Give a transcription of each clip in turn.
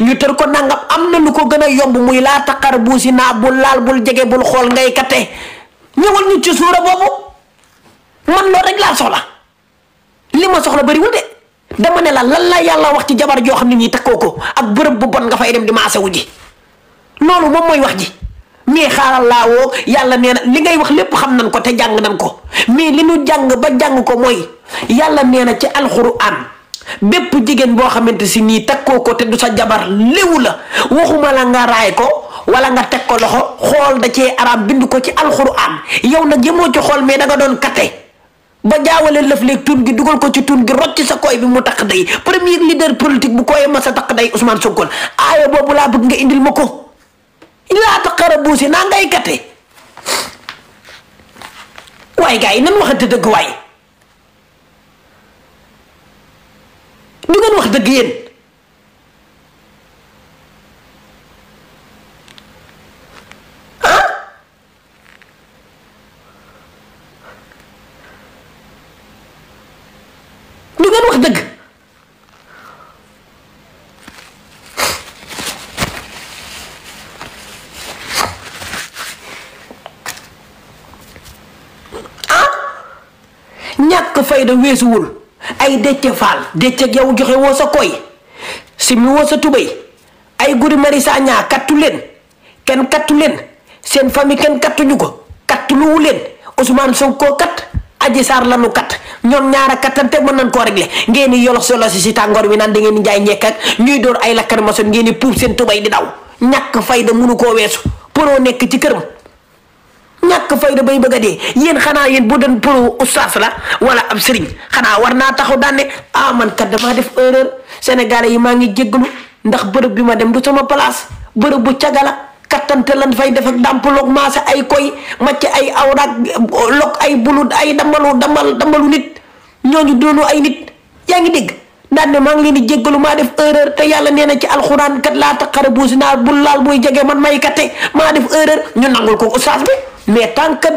ñu tër ko nangam am na lu ko gën a yomb muy laa taqar buusi naa bul laal bul jege bul xool ngay kate ñëwal ñu ci suura boobu man lool rek laa soxla li ma soxla bëriwul de dama ne la lan la yàlla wax ci jabar joo xam ne nii takkoo ko ak bërëb bu bon nga fay dem di maasewu ji loolu moom mooy wax ji mais xaaral yàlla nee na li ngay wax lépp xam nañ ko te jàng nañ ko mais li nu jàng ba jàng ko mooy yàlla nee na ci alxuraan bépp jigéen boo xamante si nii takkoo ko te du sa jabar léwu la waxuma la nga raay ko wala nga teg ko loxo xool da cee araam bind ko ci alxuraan yow nag yemoo ci xool mais danga doon kate ba jaawale lëf léeg tun gi dugal ko ci tun gi rocc sa koy bi mu takk day premier leader politique bu koy ma sa takk day Ousmane Sonko aaya boobu laa bëgg nga indil ma ko laa taqara buusi naa ngay kate waaye gars yi nan waxante dëgg waaye du ngeen wax dëgg yéen ah du ngeen wax dëgg ah ñàkk fayda weesuwul ay Déthié Fall Déthié ak yow joxe woo sa koy simmi woo sa tubéy ay Guy Marius Sagna kattu leen kenn kattu leen seen famille kenn ñu ko kattu luwu leen Ousmane Sonko kat Adji Sarr lanu kat ñoom ñaara te mën nañ koo réglé ngeen di yolox solo si tàngoor bi naan da ngeen di jaay ñekk ak ñuy door ay lakkar mason ngeen di puub seen tubéy di daw ñàkk fayda mënu koo weesu pour nekk ci këram ñàkk fayda bëgg a yéen xanaa yéen bu doon pour oustaz la wala ab sëriñ xanaa war naa taxaw daan ne ah def erreur yi maa ngi jéggalu ndax bërëb bi ma dem du sama place bërëb bu cagala kattante lan fay def ak dàmp loog maasa ay koy macc ay awraag log ay bulut ay dambalu damal dambalu nit ñooñu doonu ay nit yaa ngi dégg daan ne maa ngi leen di jéggalu maa def erreur te yàlla nee na ci alxuraan kat laa taqarabu zina bul laal buy jege man may katte maa def erreur ñu nangul ko oustaz bi mais tant que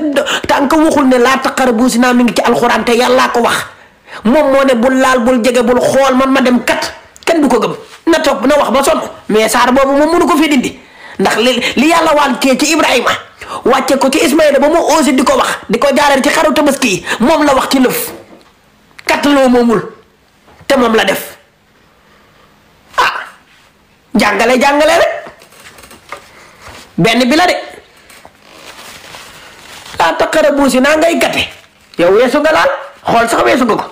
tant waxul ne laa taqarabu zina mu ngi ci alxuraan te yàllaa ko wax moom moo ne bul laal bul jege bul xool man ma dem kat kenn du ko gëm na toog na wax ba sonn mais saar boobu moom mënu ko fi dindi ndax li li yàlla wàccee ci Ibrahima wàcce ko ci Ismaïla ba mu osé di ko wax di ko jaarale ci xaru tabaski yi moom la wax ci lëf kat loo moomul te moom la def ah jàngale jàngale rek benn bi la de. xattaa taqarabu si naa ngay gate yow weesu nga laal xool sax weesu nga ko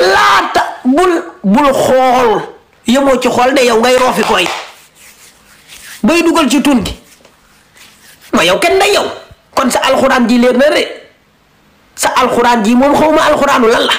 laata bul bul xool yemoo ci xool ne yow ngay roofi koy bay dugal ci tun gi ma yow kenn day yow kon sa alxuraan ji leer na de sa alxuraan ji moom xawma alxuraanu lan la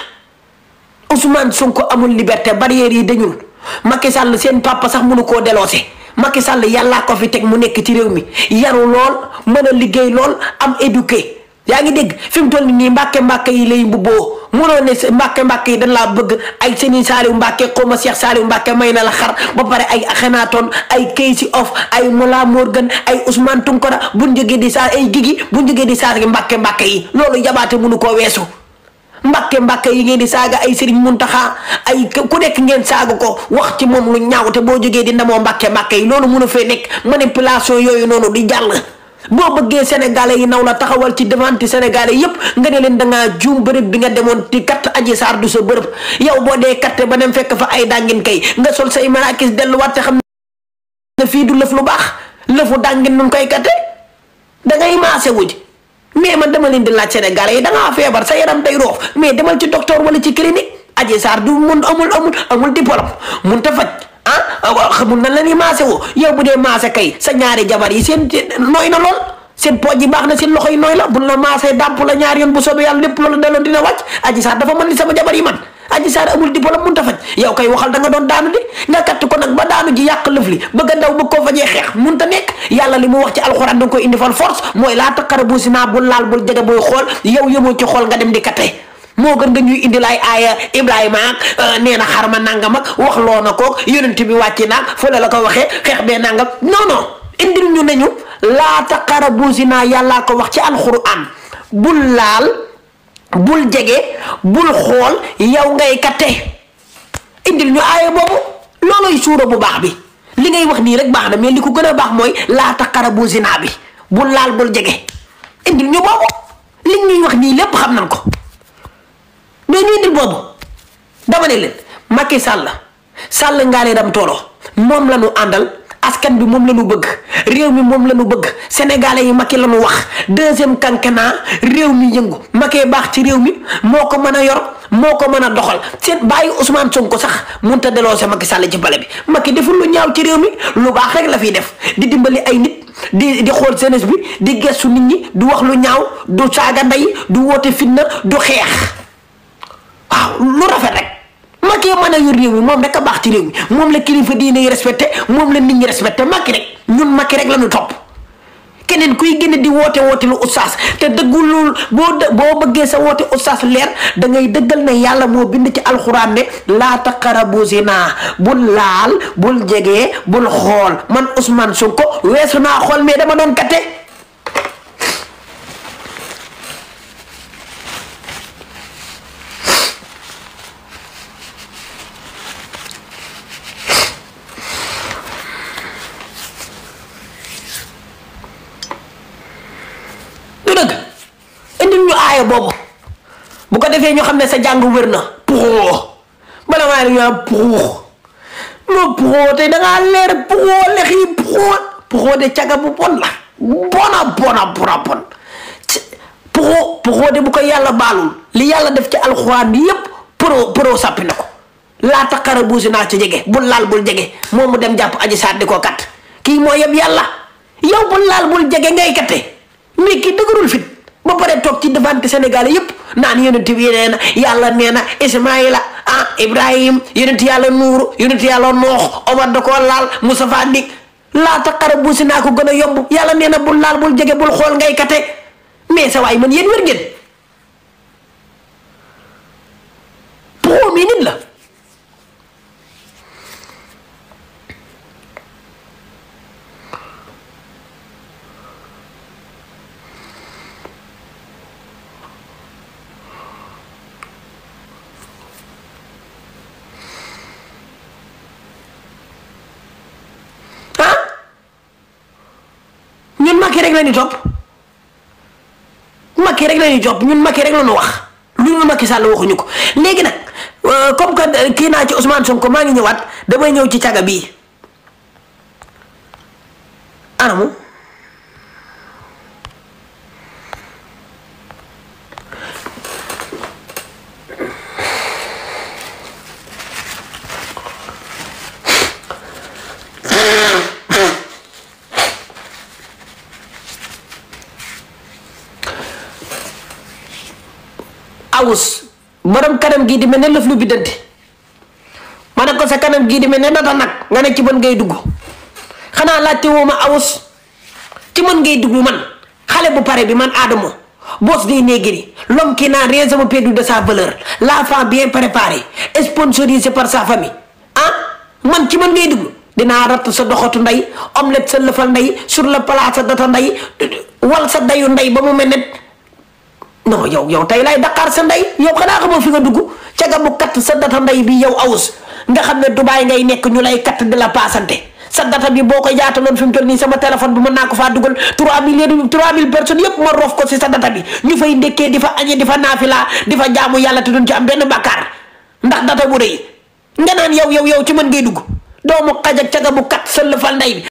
Ousmane Sonko amul liberté barrière yi dañul makki Sall seen papa sax mënu koo delloose Macky sàll yàllaa ko fi teg mu nekk ci réew mi yaru lool mën a liggéey lool am éduqué yaa ngi dégg fi mu toll nii mbàkke mbàkke yi lay mbubboo mënoo ne mbàkke mbàkke yi dañ laa bëgg ay Serigne Saliou Mbàkke xaw ma Cheikh Saliou Mbàkke may na la xar ba pare ay Akhenaton ay Keysi Of ay Mola Morgan ay Ousmane Tunkara bu jógee di saa ay gigi bu jógee di saa mbàkke mbàkke yi loolu jabaate mënu koo weesu mbàkke mbàkke yi ngeen di saaga ay sëriñ muntaxa ay ku nekk ngeen saaga ko wax ci moom lu ñaaw te boo jógee di ndamoo mbàkke mbàkke yi loolu mënu fee nekk manipulation yooyu noonu di jàll boo bëggee sénégalais yi naw la taxawal ci devant sénégalais yépp nga ne leen dangaa juum bërëb bi nga demoon ti katt aji saar du sa bërëb yow boo dee katte ba dem fekk fa ay dàngin kay nga sol say marakis delluwaat te xam ne fii du lëf lu baax lëfu dàngin nun koy katte dangay maase wuj mais man dama leen di laaj Sénégalais yi da ngaa feebar sa yaram day roof mais demal ci docteur wala ci clinique Adji Sarr du mun amul amul amul diplôme mun ta faj ah, ah xamul nan la ni maase woo yow bu dee maase kay sa ñaari jabar yi seen nooy na lool seen pooj yi baax na seen loxo yi nooy la buñ la maasee dàmp la ñaari yoon bu soobee yàlla lépp loolu dina wàcc Adji Sarr dafa mën li sama jabar yi man. Adji Sarr amul diplôme mun ta faj yow kay waxal da nga doon daanu di nga katt ko nag ba daanu ji yàq lëf li bëgg a daw bëgg koo fajee xeex mun ta nekk yàlla li mu wax ci alxuraan da nga koy indi fal force mooy laa taqarabu zina bul laal bul jege booy xool yow xool nga dem di katte moo gën nga ñuy indil ay aaya Ibrahima ak euh, nee na xarma nangam ak wax loo na koog yonent bi wàcc naag fële la ko waxee xeex bee nangam non non indil ñu ne ñu laa taqarabu zina yàllaa ko wax ci alxuraan bul laal. bul jege bul xool yow ngay katte indil ñu aaya boobu looloy suura bu baax bi li ngay wax nii rek baax na mais li ko gën a baax mooy laa taqrabu zinaa bi bul laal bul jege indil ñu boobu li ñuy wax nii lépp xam nañ ko mais ñu indil boobu dama ne leen Macky Sall Sall ngaa leen am tooloo moom la ñu àndal. askan bi moom la ñu bëgg réew mi moom la bëgg sénégalais yi Macky la ñu wax deuxième quinquennat réew mi yëngu Macky baax ci réew mi moo ko mën a yor moo ko mën a doxal seen bàyyi Ousmane ko sax mënut a déloger Macky Sall ci bale bi Macky deful lu ñaaw ci réew mi lu baax rek la fiy def di dimbali ay nit. di di xool jeunesse bi di gëstu nit ñi du wax lu ñaaw du saaga ndey du woote fitna du xeex waaw lu rafet rek. bëggee mën a yor réew mi moom rek baax ci réew mi moom la kilifa diine yi respecté moom la nit ñi respecté Macky rek ñun Macky rek la ñu topp keneen kuy génne di woote woote lu oustaz te dëggul lool boo boo bëggee sa woote oustaz leer da ngay dëggal na yàlla moo bind ci alxuraan ne laa taqrabu zina bul laal bul jege bul xool man Ousmane Sonko weesu naa xool mais dama doon katte ëllëgee ñu xam ne sa jàng wér na puxoo bala maa ne ñaa puxoo ma puxoo te da ngaa leer puxoo lex yi puxoo puxoo de caga bu bon la a bona bona bon puxoo puxoo de bu ko yàlla baalul li yàlla def ci alxuraan bi yépp pro pro sàppi na ko laa taqara buusi naa ci jege bul laal bul jege moom mu dem jàpp aj saat di ko kii moo yeb yàlla yow bul laal bul jege ngay katte mais kii dëgërul fit ba pare toog ci devant Sénégal yëpp naan yonent bi nee na yàlla nee na Ismaïla ah Ibrahim yonent yàlla Nuuru yonent yàlla Noox Omar da koo laal Moustapha naa ko gën a yomb yàlla nee na bul laal bul jege bul xool ngay kate mais sa waay man yéen wér ngeen poxoom yi nit la Macky rek la ñu topp Macky rek la ñu topp ñun Macky rek la wax lu ñu Macky Sall waxuñu ko léegi nag euh, comme que euh, kii naa ci Ousmane Sonko maa ngi ñëwaat damay ñëw ci caga bii anamu. awus borom kanam gii di mel ne lëf lu bi dënte ma ne ko sa kanam gii di mel ne nata nag nga ne ci mën ngay dugg xanaa laajte woo ma awus ci mën ngay dugg man xale bu pare bi man aadamo boss des négri l'homme qui n'a rien jamais perdu de sa valeur l'enfant bien préparé sponsorisé par sa famille ah man ci man ngay dugg dinaa ratt sa doxatu ndey omelette sa lëfal ndey sur le plat sa data ndey wal sa dayu ndey ba mu mel non yow yow tey lay Dakar sa ndey yow xanaa xamoo fi nga dugg ca ga mu katt sa data ndey bi yow awus nga xam ne Dubaay ngay nekk ñu lay katt di la paasante sa data bi boo ko yaataloon fi mu toll nii sama téléphone bi mën naa ko faa dugal 3 millions 3000 personnes yëpp ma roof ko si sa data bi ñu fay ndekkee di fa añe di fa naafila di fa jaamu yàlla te duñ ci am benn bàkkaar ndax data bu rëy nga naan yow yow yow ci mën ngay dugg doomu xaj ak caga bu kat sëll fal ndey bi